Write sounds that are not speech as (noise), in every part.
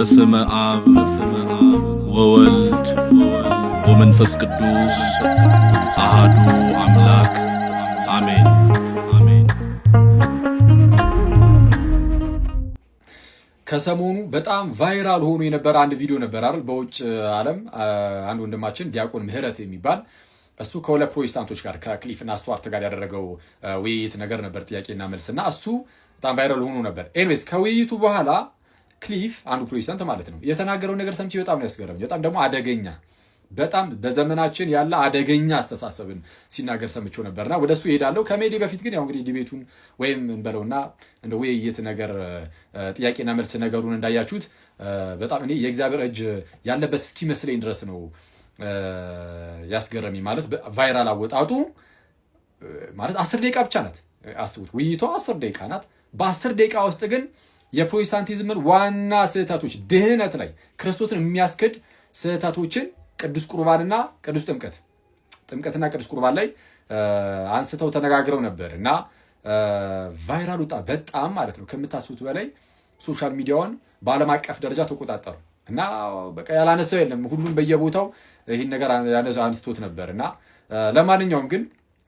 በስመ አብ ወወልድ ወመንፈስ ቅዱስ አሃዱ አምላክ አሜን። ከሰሞኑ በጣም ቫይራል ሆኖ የነበረ አንድ ቪዲዮ ነበር አይደል? በውጭ ዓለም አንድ ወንድማችን ዲያቆን ምህረት የሚባል እሱ ከሁለት ፕሮቴስታንቶች ጋር ከክሊፍና ስቱዋርት ጋር ያደረገው ውይይት ነገር ነበር፣ ጥያቄና መልስ እና እሱ በጣም ቫይራል ሆኖ ነበር። ኤንዌይስ ከውይይቱ በኋላ ክሊፍ አንዱ ፕሮቴስታንት ማለት ነው የተናገረውን ነገር ሰምቼ በጣም ነው ያስገረመኝ። በጣም ደግሞ አደገኛ በጣም በዘመናችን ያለ አደገኛ አስተሳሰብን ሲናገር ሰምቼው ነበርና ወደሱ እሱ እሄዳለሁ። ከሜዲ በፊት ግን ያው እንግዲህ ዲቤቱን ወይም እንበለውና እንደ ውይይት ነገር ጥያቄና መልስ ነገሩን እንዳያችሁት በጣም እኔ የእግዚአብሔር እጅ ያለበት እስኪመስለኝ ድረስ ነው ያስገረመኝ። ማለት ቫይራል አወጣጡ ማለት አስር ደቂቃ ብቻ ናት። አስቡት፣ ውይይቷ አስር ደቂቃ ናት። በአስር ደቂቃ ውስጥ ግን የፕሮቴስታንቲዝምን ዋና ስህተቶች ድህነት ላይ ክርስቶስን የሚያስክድ ስህተቶችን ቅዱስ ቁርባንና ቅዱስ ጥምቀት ጥምቀትና ቅዱስ ቁርባን ላይ አንስተው ተነጋግረው ነበር እና ቫይራል ወጣ። በጣም ማለት ነው ከምታስቡት በላይ ሶሻል ሚዲያውን በዓለም አቀፍ ደረጃ ተቆጣጠሩ እና በቃ ያላነሳው የለም። ሁሉም በየቦታው ይህን ነገር አንስቶት ነበር እና ለማንኛውም ግን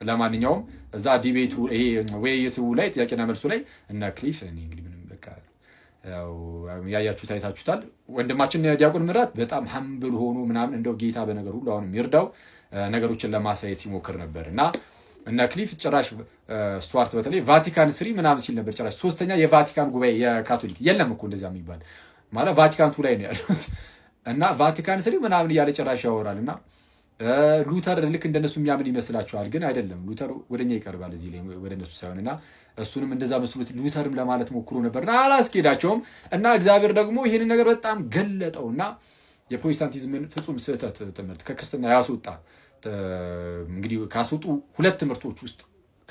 ለማንኛውም እዛ ዲቤቱ ይሄ ውይይቱ ላይ ጥያቄና መልሱ ላይ እና ክሊፍ እኔ እንግዲህ ያያችሁት አይታችሁታል። ወንድማችን ዲያቆን ምራት በጣም ሀምብል ሆኖ ምናምን እንደው ጌታ በነገር ሁሉ አሁንም የሚርዳው ነገሮችን ለማሳየት ሲሞክር ነበር እና እና ክሊፍ ጭራሽ ስቱዋርት በተለይ ቫቲካን ስሪ ምናምን ሲል ነበር። ጭራሽ ሶስተኛ የቫቲካን ጉባኤ የካቶሊክ የለም እኮ እንደዚያ የሚባል ማለት ቫቲካን ቱ ላይ ነው ያሉት እና ቫቲካን ስሪ ምናምን እያለ ጭራሽ ያወራል እና ሉተር ልክ እንደነሱ የሚያምን ይመስላችኋል፣ ግን አይደለም። ሉተር ወደኛ ይቀርባል እዚህ ላይ ወደ እነሱ እና እሱንም እንደዛ መስሎት ሉተርም ለማለት ሞክሮ ነበርና አላስኬዳቸውም። እና እግዚአብሔር ደግሞ ይህንን ነገር በጣም ገለጠው እና የፕሮቴስታንቲዝምን ፍጹም ስህተት ትምህርት ከክርስትና ያስወጣ እንግዲህ ካስወጡ ሁለት ትምህርቶች ውስጥ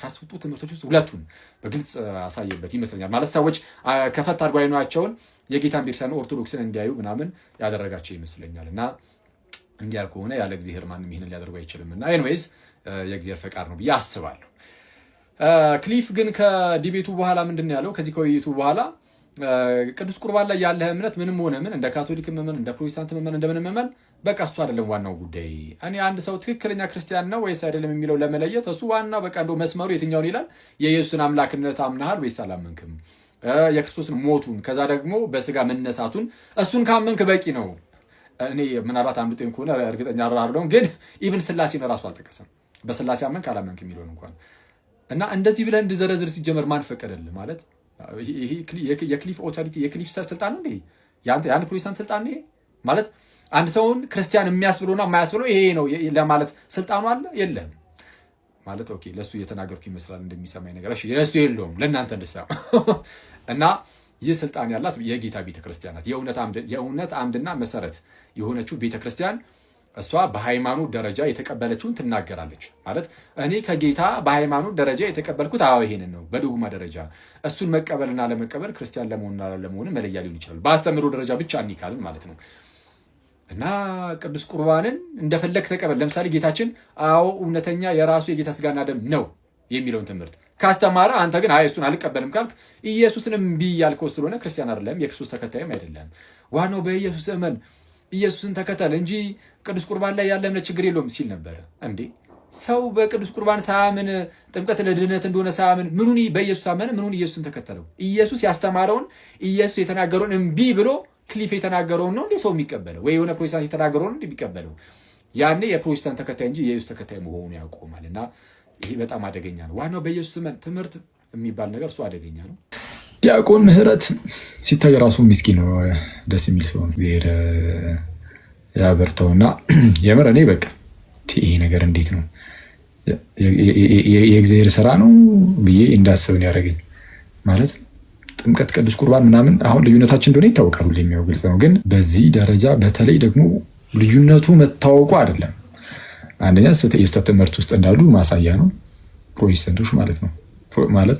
ካስወጡ ትምህርቶች ውስጥ ሁለቱን በግልጽ አሳየበት ይመስለኛል። ማለት ሰዎች ከፈት አድርጎ አይኗቸውን የጌታን ቤተክርስቲያን ኦርቶዶክስን እንዲያዩ ምናምን ያደረጋቸው ይመስለኛል እና እንዲያ ከሆነ ያለ እግዚአብሔር ማንም ይህንን ሊያደርጉ አይችልም እና ኤንዌይዝ የእግዚአብሔር ፈቃድ ነው ብዬ አስባለሁ። ክሊፍ ግን ከዲቤቱ በኋላ ምንድን ነው ያለው? ከዚህ ከውይይቱ በኋላ ቅዱስ ቁርባን ላይ ያለ እምነት ምንም ሆነ ምን እንደ ካቶሊክ መመን፣ እንደ ፕሮቴስታንት መመን፣ እንደምን መመን በቃ እሱ አይደለም ዋናው ጉዳይ። እኔ አንድ ሰው ትክክለኛ ክርስቲያን ነው ወይስ አይደለም የሚለው ለመለየት እሱ ዋናው በቃ እንደው መስመሩ የትኛውን ይላል። የኢየሱስን አምላክነት አምናሃል ወይስ አላመንክም? የክርስቶስን ሞቱን ከዛ ደግሞ በስጋ መነሳቱን እሱን ካመንክ በቂ ነው። እኔ ምናልባት ጤን ከሆነ እርግጠኛ አራርለውም፣ ግን ኢቭን ስላሴን እራሱ አልጠቀሰም። በስላሴ አመንክ አላመንክ የሚለውን እንኳን እና እንደዚህ ብለህ እንድዘረዝር ሲጀመር ማን ፈቀደልህ? ማለት የክሊፍ ኦቶሪቲ የክሊፍ ስልጣን እንደ የአንድ ፕሮቴስታንት ስልጣን ይሄ ማለት አንድ ሰውን ክርስቲያን የሚያስብለውና የማያስብለው ይሄ ነው ለማለት ስልጣኑ አለ የለም ማለት ኦኬ፣ ለእሱ እየተናገርኩ ይመስላል እንደሚሰማኝ ነገር ለእሱ የለውም፣ ለእናንተ እንድሰማ (laughs) እና ይህ ስልጣን ያላት የጌታ ቤተክርስቲያን ናት። የእውነት አምድና መሰረት የሆነችው ቤተክርስቲያን እሷ በሃይማኖት ደረጃ የተቀበለችውን ትናገራለች። ማለት እኔ ከጌታ በሃይማኖት ደረጃ የተቀበልኩት አዎ ይሄንን ነው። በዶግማ ደረጃ እሱን መቀበልና ለመቀበል ክርስቲያን ለመሆንና ለመሆንም መለያ ሊሆን ይችላል። በአስተምሮ ደረጃ ብቻ እኒካልን ማለት ነው እና ቅዱስ ቁርባንን እንደፈለግ ተቀበል። ለምሳሌ ጌታችን አዎ እውነተኛ የራሱ የጌታ ስጋና ደም ነው የሚለውን ትምህርት ካስተማረ አንተ ግን አይ እሱን አልቀበልም ካልክ ኢየሱስን እምቢ ያልከው ስለሆነ ክርስቲያን አይደለም፣ የክርስቶስ ተከታይም አይደለም። ዋናው በኢየሱስ እመን፣ ኢየሱስን ተከተል እንጂ ቅዱስ ቁርባን ላይ ያለ እምነት ችግር የለውም ሲል ነበረ። እንዴ ሰው በቅዱስ ቁርባን ሳያምን ጥምቀት ለድህነት እንደሆነ ሳያምን ምኑን በኢየሱስ አመነ? ምኑን ኢየሱስን ተከተለው? ኢየሱስ ያስተማረውን ኢየሱስ የተናገረውን እምቢ ብሎ ክሊፍ የተናገረውን ነው እንዴ ሰው የሚቀበለው? ወይ የሆነ ፕሮቴስታንት የተናገረውን እንዴ የሚቀበለው? ያኔ የፕሮቴስታንት ተከታይ እንጂ የኢየሱስ ተከታይ መሆኑ ያቆማል እና ይሄ በጣም አደገኛ ነው። ዋናው በኢየሱስ ስም ትምህርት የሚባል ነገር እሱ አደገኛ ነው። ዲያቆን ምህረት ሲታይ ራሱ ምስኪን ነው። ደስ የሚል ሰው እግዚአብሔር ያበርተውና (clears throat) የምር እኔ በቃ ይሄ ነገር እንዴት ነው የእግዚአብሔር ስራ ነው ብዬ እንዳስብን ያደረገኝ ማለት ጥምቀት፣ ቅዱስ ቁርባን ምናምን አሁን ልዩነታችን እንደሆነ ይታወቃሉ የሚያው ግልጽ ነው። ግን በዚህ ደረጃ በተለይ ደግሞ ልዩነቱ መታወቁ አይደለም አንደኛ የስተት ትምህርት ውስጥ እንዳሉ ማሳያ ነው። ፕሮቴስታንቶች ማለት ነው ማለት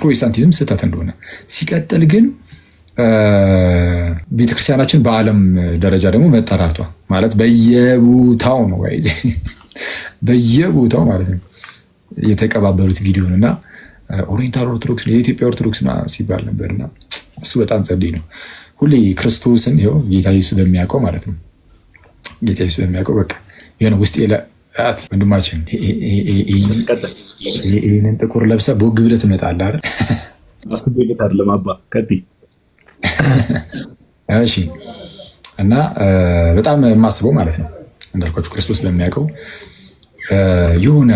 ፕሮቴስታንቲዝም ስህተት እንደሆነ ሲቀጥል ግን ቤተክርስቲያናችን በዓለም ደረጃ ደግሞ መጠራቷ ማለት በየቦታው ነው (laughs) በየቦታው ማለት ነው የተቀባበሉት ቪዲዮን እና ኦሪንታል ኦርቶዶክስ የኢትዮጵያ ኦርቶዶክስ ሲባል ነበር እና እሱ በጣም ጸልይ ነው። ሁሌ ክርስቶስን ጌታ ኢየሱስ በሚያውቀው ማለት ነው ጌታ ኢየሱስ በሚያውቀው በቃ የሆነ ውስጤ ላት ወንድማችን ይህንን ጥቁር ለብሰ በወግ ብለህ ትመጣለህ አስቤለት አይደለም አባ ከቲ እሺ። እና በጣም የማስበው ማለት ነው እንዳልኳችሁ ክርስቶስ ለሚያውቀው የሆነ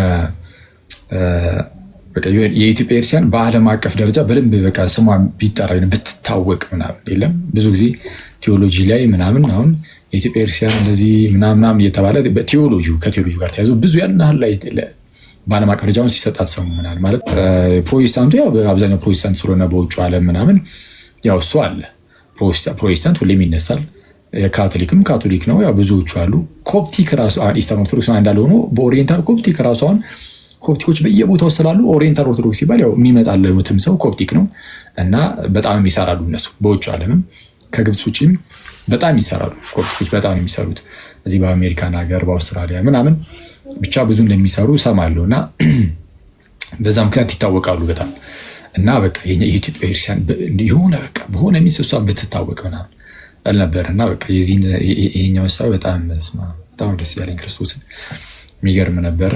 የኢትዮጵያ ኤርሲያን በዓለም አቀፍ ደረጃ በደንብ በቃ ስሟ ቢጠራ ብትታወቅ ምናምን የለም ብዙ ጊዜ ቴዎሎጂ ላይ ምናምን አሁን የኢትዮጵያ ክርስቲያን እንደዚህ ምናምናም እየተባለ በቴዎሎጂ ከቴዎሎጂ ጋር ተያይዞ ብዙ ያን ያህል ላይ በዓለም አቀፍ ደረጃውን ሲሰጣት ሰሙ ምናል ማለት ፕሮቴስታንቱ ያው አብዛኛው ፕሮቴስታንት ስለሆነ በውጭ ዓለም ምናምን ያው እሱ አለ ፕሮቴስታንት ሁሌም ይነሳል። ካቶሊክም ካቶሊክ ነው ያው ብዙዎቹ አሉ። ኮፕቲክ ራሱ ኢስተርን ኦርቶዶክስ እንዳለ ሆኖ በኦሪየንታል ኮፕቲክ ራሱ አሁን ኮፕቲኮች በየቦታው ስላሉ ኦሪየንታል ኦርቶዶክስ ሲባል ያው የሚመጣለትም ሰው ኮፕቲክ ነው እና በጣም ይሰራሉ እነሱ በውጭ ዓለምም ከግብፅ ውጭም በጣም ይሰራሉ። ኮርቲኮች በጣም የሚሰሩት እዚህ በአሜሪካን ሀገር በአውስትራሊያ ምናምን ብቻ ብዙ እንደሚሰሩ እሰማለሁ እና (clears throat) በዛ ምክንያት ይታወቃሉ በጣም እና በቃ የኢትዮጵያ ክርስቲያን የሆነ በቃ በሆነ ሚስ እሷ ብትታወቅ ምናምን አልነበር እና በቃ የዚህኛውን ሰው በጣም ደስ ያለኝ ክርስቶስን የሚገርም ነበረ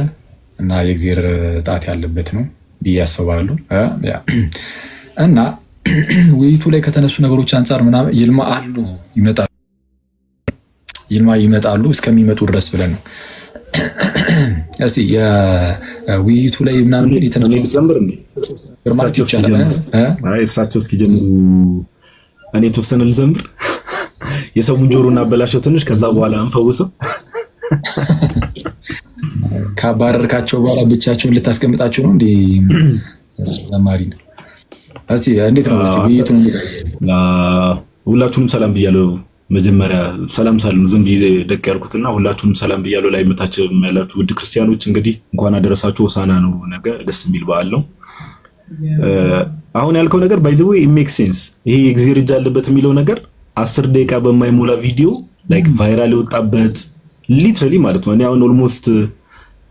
እና የእግዜር ጣት ያለበት ነው ብዬ አስባለሁ (clears throat) እና (clears throat) ውይይቱ ላይ ከተነሱ ነገሮች አንጻር ምናምን ይልማ አሉ ይመጣሉ ይልማ ይመጣሉ እስከሚመጡ ድረስ ብለን ነው። (clears throat) እስቲ የውይይቱ ላይ ምናምን እሳቸው እስኪጀምሩ እኔ የተወሰነ ልዘምር፣ (laughs) የሰውን ጆሮ እናበላሸው ትንሽ፣ ከዛ በኋላ አንፈውሰው። ካባረርካቸው (laughs) በኋላ ብቻቸውን ልታስቀምጣቸው ነው እንዴ? (clears throat) ዘማሪ ነው እስቲ እንዴት ነው ውይይቱን? ሁላችሁንም ሰላም ብያለሁ። መጀመሪያ ሰላም ሳልም ዝም ብዬ ደቅ ያልኩትና ሁላችሁንም ሰላም ብያለሁ። ላይ መታችሁ ያላችሁ ውድ ክርስቲያኖች እንግዲህ እንኳን አደረሳችሁ። ሆሳዕና ነው ነገ፣ ደስ የሚል በዓል ነው። አሁን ያልከው ነገር ባይ ዘ ዌይ ኢት ሜክስ ሴንስ። ይሄ የእግዚአብሔር እጅ አለበት የሚለው ነገር አስር ደቂቃ በማይሞላ ቪዲዮ ላይክ ቫይራል የወጣበት ሊትራሊ ማለት ነው። እኔ አሁን ኦልሞስት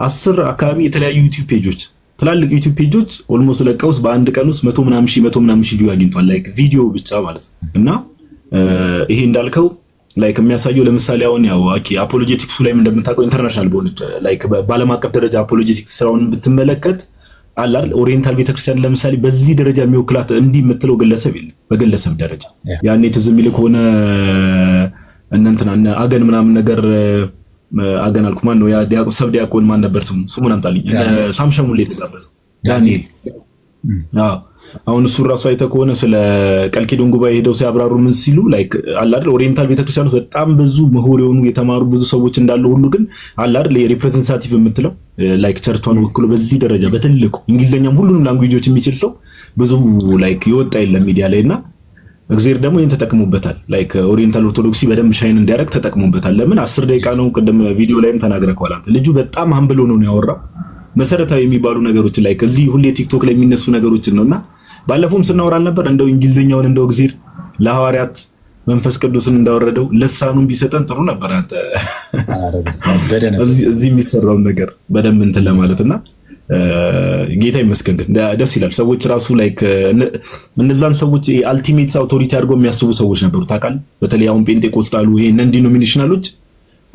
አስር አካባቢ የተለያዩ ዩቲዩብ ፔጆች ትላልቅ ዩቲዩብ ፔጆች ኦልሞስት ለቀውስ በአንድ ቀን ውስጥ መቶ ምናምን ሺህ መቶ ምናምን ሺህ ቪው አግኝቷል። ላይክ ቪዲዮ ብቻ ማለት ነው። እና ይሄ እንዳልከው ላይክ የሚያሳየው ለምሳሌ አሁን ያው ኦኬ አፖሎጄቲክሱ ላይም እንደምታውቀው ኢንተርናሽናል በሆነች ላይክ በዓለም አቀፍ ደረጃ አፖሎጄቲክስ ስራውን ብትመለከት አላል አይደል ኦሪየንታል ቤተክርስቲያን ለምሳሌ በዚህ ደረጃ የሚወክላት እንዲህ የምትለው ግለሰብ የለም። በግለሰብ ደረጃ ያኔ ትዝ የሚል ከሆነ እነ እንትና እነ አገን ምናምን ነገር አገናልኩ ማን ነው ያ ዲያቆን ሰብ ዲያቆን ማን ነበር ስሙ ስሙን አምጣልኝ ሳምሸሙን ላይ የተጋበዘው ዳንኤል አዎ አሁን እሱ ራሱ አይተህ ከሆነ ስለ ቀልኪዶን ኪዳን ጉባኤ ሄደው ሲያብራሩ ምን ሲሉ ላይክ አለ አይደል ኦሪየንታል ቤተክርስቲያን በጣም ብዙ ምሁር የሆኑ የተማሩ ብዙ ሰዎች እንዳሉ ሁሉ ግን አለ አይደል የሪፕሬዘንታቲቭ የምትለው ላይክ ቸርቷን ወክሎ በዚህ ደረጃ በትልቁ እንግሊዘኛም ሁሉንም ላንጉጆች የሚችል ሰው ብዙ ላይክ የወጣ የለም ሚዲያ ላይ እና እግዜር ደግሞ ይህን ተጠቅሞበታል። ላይክ ኦሪየንታል ኦርቶዶክሲ በደንብ ሻይን እንዲያደርግ ተጠቅሞበታል። ለምን አስር ደቂቃ ነው። ቅድም ቪዲዮ ላይም ተናግረከዋል። አንተ ልጁ በጣም አምብሎ ነው ያወራው መሰረታዊ የሚባሉ ነገሮችን ላይክ እዚህ ሁሌ ቲክቶክ ላይ የሚነሱ ነገሮችን ነውና ባለፈውም ስናወራ አልነበር እንደው እንግሊዝኛውን እንደው እግዜር ለሐዋርያት መንፈስ ቅዱስን እንዳወረደው ለሳኑን ቢሰጠን ጥሩ ነበር። አንተ እዚህ የሚሰራውን ነገር በደንብ እንትን ለማለት እና ጌታ ይመስገን ግን ደስ ይላል። ሰዎች ራሱ ላይክ እነዛን ሰዎች አልቲሜት አውቶሪቲ አድርገው የሚያስቡ ሰዎች ነበሩ ታውቃለህ። በተለይ አሁን ጴንጤቆስጣሉ ይሄ ነን ዲኖሚኔሽናሎች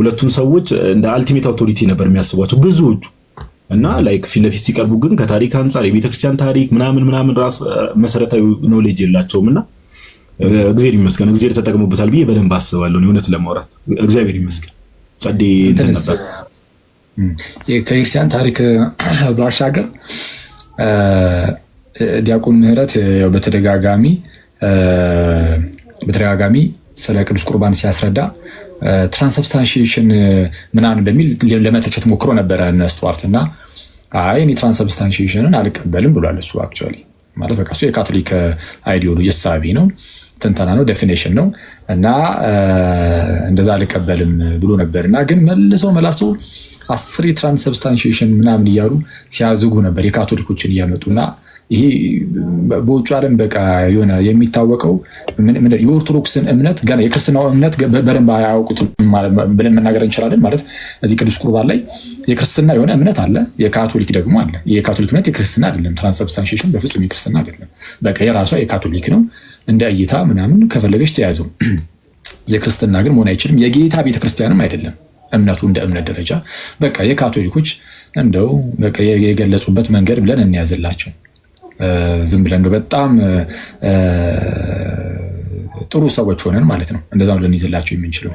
ሁለቱም ሰዎች እንደ አልቲሜት አውቶሪቲ ነበር የሚያስቧቸው ብዙዎቹ እና ላይክ ፊት ለፊት ሲቀርቡ ግን ከታሪክ አንጻር የቤተክርስቲያን ታሪክ ምናምን ምናምን ራሱ መሰረታዊ ኖሌጅ የላቸውም እና እግዚአብሔር ይመስገን እግዚአብሔር ተጠቅሞበታል ብዬ በደንብ አስባለሁ። እውነት ለማውራት እግዚአብሔር ይመስገን ጸዴ እንትን ነበር ከክርስቲያን ታሪክ (clears throat) ባሻገር ዲያቆን ምህረት በተደጋጋሚ በተደጋጋሚ ስለ ቅዱስ ቁርባን ሲያስረዳ ትራንስብስታንሺዬሽን ምናምን በሚል ለመተቸት ሞክሮ ነበረ እነ እና አይ እኔ አልቀበልም ብሏል። እሱ አክቹዋሊ ማለት በቃ እሱ የካቶሊክ አይዲዮሎጂ እሳቤ ነው፣ ትንተና ነው፣ ዴፊኔሽን ነው እና እንደዛ አልቀበልም ብሎ ነበር እና ግን መልሰው መላሰው አስር የትራንስብስታንሺዬሽን ምናምን እያሉ ሲያዝጉ ነበር የካቶሊኮችን እና ይሄ በውጭ ዓለም በቃ የሆነ የሚታወቀው የኦርቶዶክስን እምነት ገና የክርስትናው እምነት በደንብ አያውቁት ብለን መናገር እንችላለን። ማለት እዚህ ቅዱስ ቁርባን ላይ የክርስትና የሆነ እምነት አለ፣ የካቶሊክ ደግሞ አለ። የካቶሊክ እምነት የክርስትና አይደለም። ትራንስብስታንሽን በፍጹም የክርስትና አይደለም። በቃ የራሷ የካቶሊክ ነው። እንደ እይታ ምናምን ከፈለገች ተያዘው። (clears throat) የክርስትና ግን መሆን አይችልም። የጌታ ቤተክርስቲያንም አይደለም። እምነቱ እንደ እምነት ደረጃ በቃ የካቶሊኮች እንደው በቃ የገለጹበት መንገድ ብለን እንያዝላቸው። ዝም ብለን እንደው በጣም ጥሩ ሰዎች ሆነን ማለት ነው እንደዛ ነው ልንይዝላቸው የምንችለው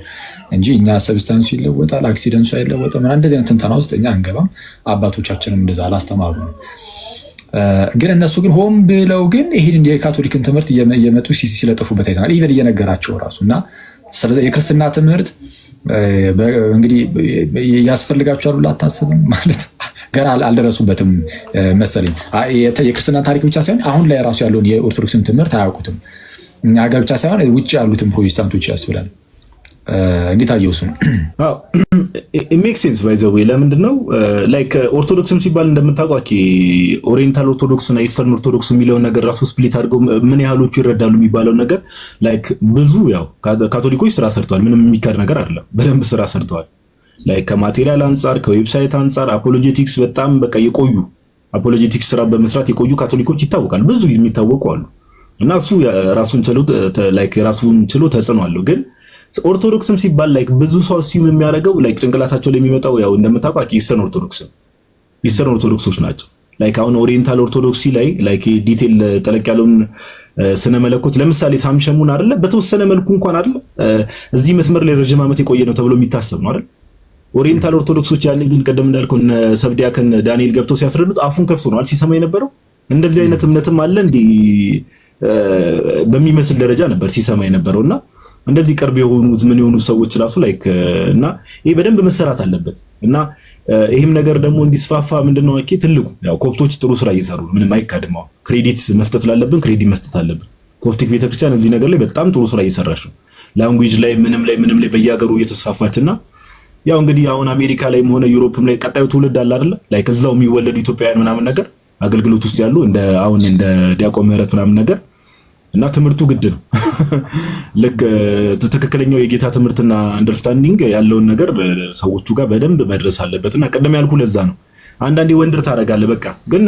እንጂ እኛ ሰብስታንሱ ይለወጣል፣ አክሲደንሱ አይለወጥም። እንደዚህ አይነት ትንተና ውስጥ እኛ አንገባም። አባቶቻችንም እንደዛ አላስተማሩ ነው። ግን እነሱ ግን ሆን ብለው ግን ይህን የካቶሊክን ትምህርት እየመጡ ሲለጥፉበት አይተናል። ኢቨን እየነገራቸው ራሱ እና የክርስትና ትምህርት እንግዲህ ያስፈልጋችኋል ብላ አታስብም (laughs) ማለት ገና አልደረሱበትም መሰለኝ። የክርስትና ታሪክ ብቻ ሳይሆን አሁን ላይ ራሱ ያለውን የኦርቶዶክስን ትምህርት አያውቁትም። ሀገር ብቻ ሳይሆን ውጭ ያሉትም ፕሮቴስታንቶች ያስብላል። እንዴት ኢየሱስ ነው። ሜክ ሴንስ ወይ ለምንድን ነው ላይክ ኦርቶዶክስም ሲባል እንደምታውቋኪ ኦሪየንታል ኦርቶዶክስ እና ኢስተርን ኦርቶዶክስ የሚለውን ነገር ራሱ ስፕሊት አድርገው ምን ያህሎቹ ይረዳሉ የሚባለው ነገር ላይክ ብዙ ያው ካቶሊኮች ስራ ሰርተዋል። ምንም የሚካድ ነገር አይደለም። በደንብ ስራ ሰርተዋል። ላይክ ከማቴሪያል አንጻር ከዌብሳይት አንጻር አፖሎጀቲክስ በጣም በቃ የቆዩ አፖሎጀቲክስ ስራ በመስራት የቆዩ ካቶሊኮች ይታወቃል። ብዙ የሚታወቁ አሉ እና እሱ ራሱን ችሎ ላይክ ራሱን ችሎ ተጽዕኖ አለው ግን ኦርቶዶክስም ሲባል ላይክ ብዙ ሰው ሲም የሚያደርገው ላይክ ጭንቅላታቸው ላይ የሚመጣው ያው እንደምታውቀው ኢስተርን ኦርቶዶክስ ኢስተርን ኦርቶዶክሶች ናቸው። ላይክ አሁን ኦሪየንታል ኦርቶዶክሲ ላይ ላይክ ዲቴል ጠለቅ ያለውን ስነ መለኮት ለምሳሌ ሳምሸሙን አይደለ በተወሰነ መልኩ እንኳን አይደለ እዚህ መስመር ላይ ረጅም ዓመት የቆየ ነው ተብሎ የሚታሰብ ነው አይደል? ኦሪየንታል ኦርቶዶክሶች ያኔ ግን ቀደም እንዳልከው እነ ከነ ዳንኤል ገብተው ሲያስረዱት አፉን ከፍቶ ነው ሲሰማ የነበረው። እንደዚህ አይነት እምነትም አለ እንዲህ በሚመስል ደረጃ ነበር ሲሰማ የነበረውና እንደዚህ ቅርብ የሆኑ ምን የሆኑ ሰዎች ራሱ ላይክ uh, እና ይሄ በደንብ መሰራት አለበት እና uh, ይህም ነገር ደግሞ እንዲስፋፋ ምንድነው አኬ ትልቁ ያው ኮፕቶች ጥሩ ስራ እየሰሩ ነው። ምንም አይካድማው ክሬዲት መስጠት ላለብን ክሬዲት መስጠት አለብን። ኮፕቲክ ቤተክርስቲያን እዚህ ነገር ላይ በጣም ጥሩ ስራ እየሰራች ነው። ላንጉጅ ላይ ምንም ላይ ምንም ላይ በየሀገሩ እየተስፋፋች እና ያው እንግዲህ አሁን አሜሪካ ላይም ሆነ ዩሮፕም ላይ ቀጣዩ ትውልድ አለ አይደለ ላይክ እዛው የሚወለዱ ኢትዮጵያውያን ምናምን ነገር አገልግሎት ውስጥ ያሉ እንደ አሁን እንደ ዲያቆን ምህረት ምናምን ነገር እና ትምህርቱ ግድ ነው። (laughs) ልክ ትክክለኛው የጌታ ትምህርትና አንደርስታንዲንግ ያለውን ነገር ሰዎቹ ጋር በደንብ መድረስ አለበት። እና ቀደም ያልኩ ለዛ ነው አንዳንዴ ወንድር ታደርጋለህ። በቃ ግን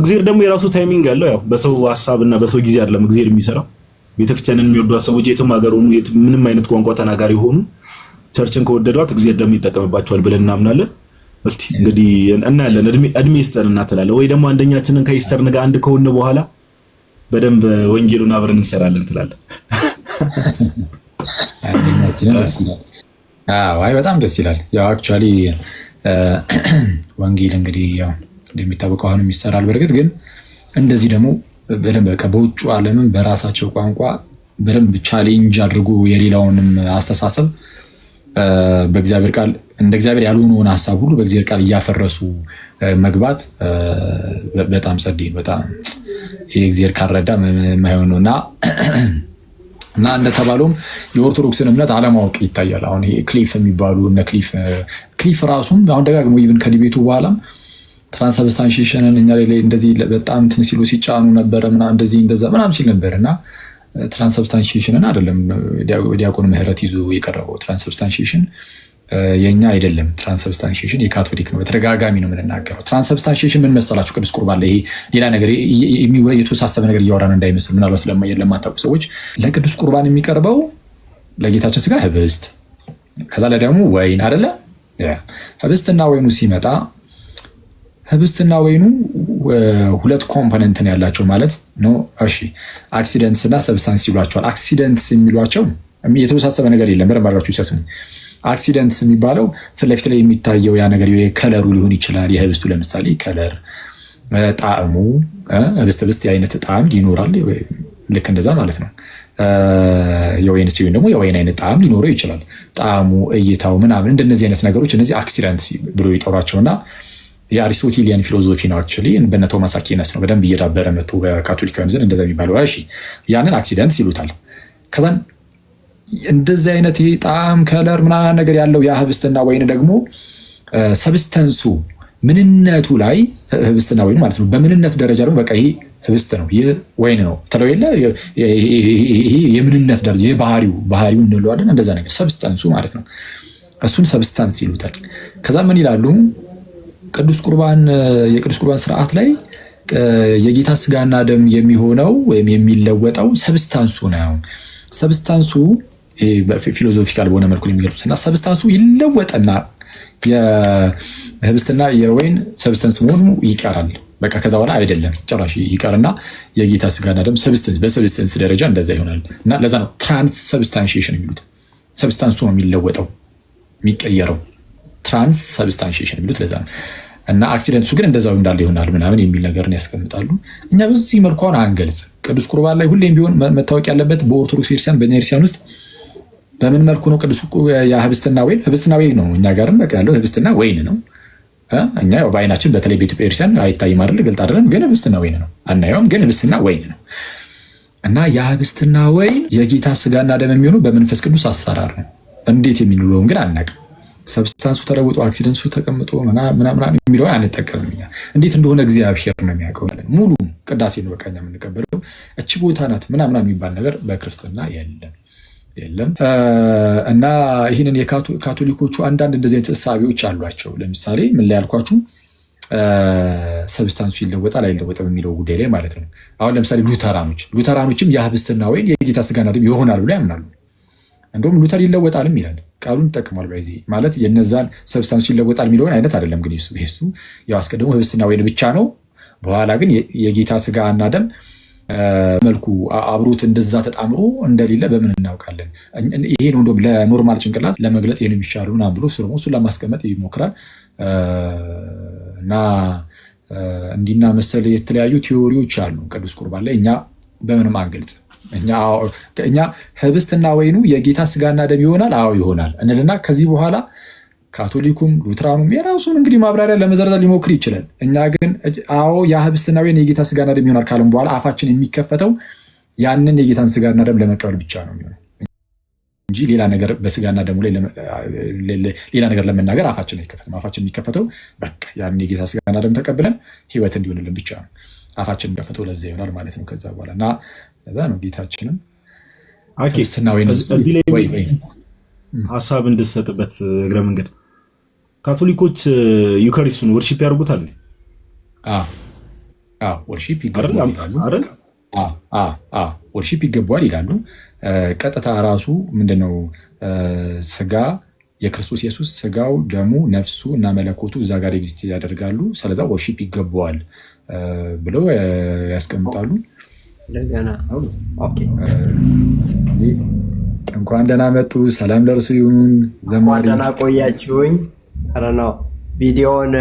እግዚአብሔር ደግሞ የራሱ ታይሚንግ አለው። ያው በሰው ሀሳብ እና በሰው ጊዜ አይደለም እግዚአብሔር የሚሰራው። ቤተክርስቲያንን የሚወዷት ሰዎች የትም ሀገር ሆኑ ምንም አይነት ቋንቋ ተናጋሪ ሆኑ ቸርችን ከወደዷት እግዚአብሔር ደግሞ ይጠቀምባቸዋል ብለን እናምናለን። እስቲ እንግዲህ እናያለን። እድሜ ይስጠን ወይ ደግሞ አንደኛችንን ከኢስተርን ጋር አንድ ከሆነ በኋላ በደንብ ወንጌሉን አብረን እንሰራለን ትላለን። በጣም ደስ ይላል። ያው አክቹዋሊ ወንጌል እንግዲህ ያው እንደሚታወቀው አሁንም ይሰራል። በእርግጥ ግን እንደዚህ ደግሞ በደንብ በቃ በውጩ ዓለምም በራሳቸው ቋንቋ በደንብ ቻሌንጅ አድርጎ የሌላውንም አስተሳሰብ በእግዚአብሔር ቃል እንደ እግዚአብሔር ያልሆነውን ሀሳብ ሁሉ በእግዚአብሔር ቃል እያፈረሱ መግባት በጣም ጸዴ በጣም የእግዚአብሔር ካልረዳ የማይሆን ነው እና (clears throat) እና እንደተባለውም የኦርቶዶክስን እምነት አለማወቅ ይታያል። አሁን ክሊፍ የሚባሉ እነ ክሊፍ ክሊፍ ራሱም አሁን ደጋግሞ ኢቭን ከዲቤቱ በኋላም ትራንስብስታንሽሽንን እኛ ላይ እንደዚህ በጣም እንትን ሲሉ ሲጫኑ ነበረ ምና እንደዚህ እንደዛ ምናም ሲል ነበር እና ትራንስብስታንሽሽንን አይደለም ዲያቆን ምህረት ይዞ የቀረበው ትራንስብስታንሽሽን የኛ አይደለም። ትራንስብስታንሽን የካቶሊክ ነው። በተደጋጋሚ ነው የምንናገረው። ትራንስብስታንሽን ምን መሰላችሁ? ቅዱስ ቁርባን ላይ ሌላ ነገር የተወሳሰበ ነገር እያወራን እንዳይመስል፣ ምናልባት ለማታውቁ ሰዎች ለቅዱስ ቁርባን የሚቀርበው ለጌታችን ስጋ ህብስት፣ ከዛ ላይ ደግሞ ወይን አደለ። ህብስትና ወይኑ ሲመጣ ህብስትና ወይኑ ሁለት ኮምፖነንትን ያላቸው ማለት ነው። እሺ አክሲደንትስ እና ሰብስታንስ ይሏቸዋል። አክሲደንትስ የሚሏቸው የተወሳሰበ ነገር የለም። መርማሪዎቹ ይሰስሙ አክሲደንትስ የሚባለው ፊት ለፊት ላይ የሚታየው ያ ነገር ከለሩ ሊሆን ይችላል። የህብስቱ ለምሳሌ ከለር፣ ጣዕሙ ህብስት ህብስት የአይነት ጣዕም ሊኖራል። ልክ እንደዛ ማለት ነው። የወይን ሲሆን ደግሞ የወይን አይነት ጣዕም ሊኖረው ይችላል። ጣዕሙ፣ እይታው ምናምን እንደነዚህ አይነት ነገሮች እነዚህ አክሲደንትስ ብሎ ይጠሯቸውና የአሪስቶቴሊያን ፊሎዞፊ ነው። አክቹዋሊ በነ ቶማስ አኪነስ ነው በደንብ እየዳበረ መቶ በካቶሊካዊ ዘንድ እንደዛ የሚባለው። ያንን አክሲደንትስ ይሉታል ከዛን እንደዚህ አይነት ይሄ ጣዕም ከለር ምናምን ነገር ያለው ያ ህብስትና ወይን ደግሞ ሰብስተንሱ ምንነቱ ላይ ህብስትና ወይን ማለት ነው። በምንነት ደረጃ ደግሞ በቃ ይሄ ህብስት ነው፣ ይህ ወይን ነው ትለው የለ የምንነት ደረጃ የባህሪው ባህሪው እንለዋለን። እንደዛ ነገር ሰብስተንሱ ማለት ነው። እሱን ሰብስታንስ ይሉታል። ከዛ ምን ይላሉ? ቅዱስ ቁርባን የቅዱስ ቁርባን ስርዓት ላይ የጌታ ስጋና ደም የሚሆነው ወይም የሚለወጠው ሰብስታንሱ ነው። ሰብስታንሱ ፊሎዞፊካል በሆነ መልኩ የሚገልጹትና ሰብስታንሱ ይለወጠና የህብስትና የወይን ሰብስተንስ መሆኑ ይቀራል። በቃ ከዛ በኋላ አይደለም ጭራሽ ይቀርና የጌታ ስጋና ደም ሰብስተንስ በሰብስተንስ ደረጃ እንደዛ ይሆናል። እና ለዛ ነው ትራንስ ሰብስታንሽሽን የሚሉት። ሰብስታንሱ ነው የሚለወጠው የሚቀየረው፣ ትራንስ ሰብስታንሽሽን የሚሉት ለዛ ነው። እና አክሲደንቱ ግን እንደዛው እንዳለ ይሆናል ምናምን የሚል ነገርን ያስቀምጣሉ። እኛ በዚህ መልኳን አንገልጽ። ቅዱስ ቁርባን ላይ ሁሌም ቢሆን መታወቅ ያለበት በኦርቶዶክስ ቤተክርስቲያን በኔርሲያን ውስጥ በምን መልኩ ነው ቅዱስ ህብስትና ወይን? ህብስትና ወይን ነው። እኛ ጋርም በቃ ያለው ህብስትና ወይን ነው። እኛ በአይናችን በተለይ በኢትዮጵያ ቤተክርስቲያን አይታይም አይደል? ግልጥ አይደለም፣ ግን ህብስትና ወይን ነው። አናየውም፣ ግን ህብስትና ወይን ነው። እና የህብስትና ወይን የጌታ ስጋና ደም የሚሆኑ በመንፈስ ቅዱስ አሰራር ነው። እንዴት የሚንለውም ግን አናውቅም። ሰብስታንሱ ተለውጦ አክሲደንሱ ተቀምጦ ምናምን የሚለውን አንጠቀምም። እንዴት እንደሆነ እግዚአብሔር ነው የሚያውቀው። ሙሉ ቅዳሴ ነው በቃ የምንቀበለው። እች ቦታ ናት ምናምና የሚባል ነገር በክርስትና የለም። የለም እና ይህንን የካቶሊኮቹ አንዳንድ እንደዚህ አይነት እሳቤዎች አሏቸው። ለምሳሌ ምን ላይ ያልኳችሁ ሰብስታንሱ ይለወጣል አይለወጥም የሚለው ጉዳይ ላይ ማለት ነው። አሁን ለምሳሌ ሉተራኖች ሉተራኖችም የህብስትና ወይን የጌታ ስጋና ደም ይሆናል ብሎ ያምናሉ። እንደውም ሉተር ይለወጣልም ይላል ቃሉን ይጠቅማል። በዚህ ማለት የነዛን ሰብስታንሱ ይለወጣል የሚለውን አይነት አይደለም። ግን ሱ ያው አስቀድሞ ህብስትና ወይን ብቻ ነው። በኋላ ግን የጌታ ስጋ እና ደም መልኩ አብሮት እንደዛ ተጣምሮ እንደሌለ በምን እናውቃለን? ይሄ ነው እንደውም ለኖርማል ጭንቅላት ለመግለጽ ይሄን የሚሻሉ ምናምን ብሎ እሱ ደግሞ እሱን ለማስቀመጥ ይሞክራል እና እንዲና መሰል የተለያዩ ቲዎሪዎች አሉ ቅዱስ ቁርባን ላይ እኛ በምንም አንገልጽ። እኛ ህብስትና ወይኑ የጌታ ስጋና ደም ይሆናል። አዎ ይሆናል እንልና ከዚህ በኋላ ካቶሊኩም ሉትራኑም የራሱን እንግዲህ ማብራሪያ ለመዘርዘር ሊሞክር ይችላል። እኛ ግን አዎ የህብስትና ወይን የጌታ ስጋና ደም ይሆናል ካለም በኋላ አፋችን የሚከፈተው ያንን የጌታን ስጋና ደም ለመቀበል ብቻ ነው የሚሆነው እንጂ ሌላ ነገር በስጋና ደሙ ላይ ሌላ ነገር ለመናገር አፋችን አይከፈትም። አፋችን የሚከፈተው በቃ ያንን የጌታ ስጋና ደም ተቀብለን ህይወት እንዲሆንልን ብቻ ነው። አፋችን የሚከፈተው ለዛ ይሆናል ማለት ነው። ከዛ በኋላ እና ከዛ ነው ጌታችንም ክርስትና ወይን ሀሳብ እንድሰጥበት እግረ መንገድ ካቶሊኮች ዩካሪስቱን ወርሺፕ ያደርጉታል። ወርሺፕ ይገባል ወርሺፕ ይላሉ። ቀጥታ ራሱ ምንድነው ስጋ የክርስቶስ ኢየሱስ ስጋው፣ ደሙ፣ ነፍሱ እና መለኮቱ እዛ ጋር ኤግዚስት ያደርጋሉ። ስለዛ ወርሺፕ ይገባዋል ብለው ያስቀምጣሉ። እንኳን ደህና መጡ። ሰላም ለእርሱ ይሁን። ዘማሪ ደህና ቆያችሁኝ። ነው ቪዲዮን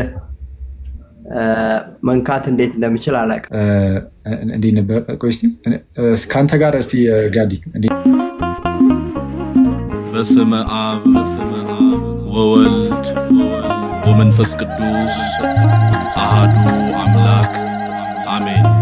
መንካት እንዴት እንደምችል አላውቅም። እንዲህ ነበር። ቆይ እስኪ ከአንተ ጋር እስኪ ጋዲ በስመ አብ ወወልድ ወመንፈስ ቅዱስ አሃዱ አምላክ አሜን።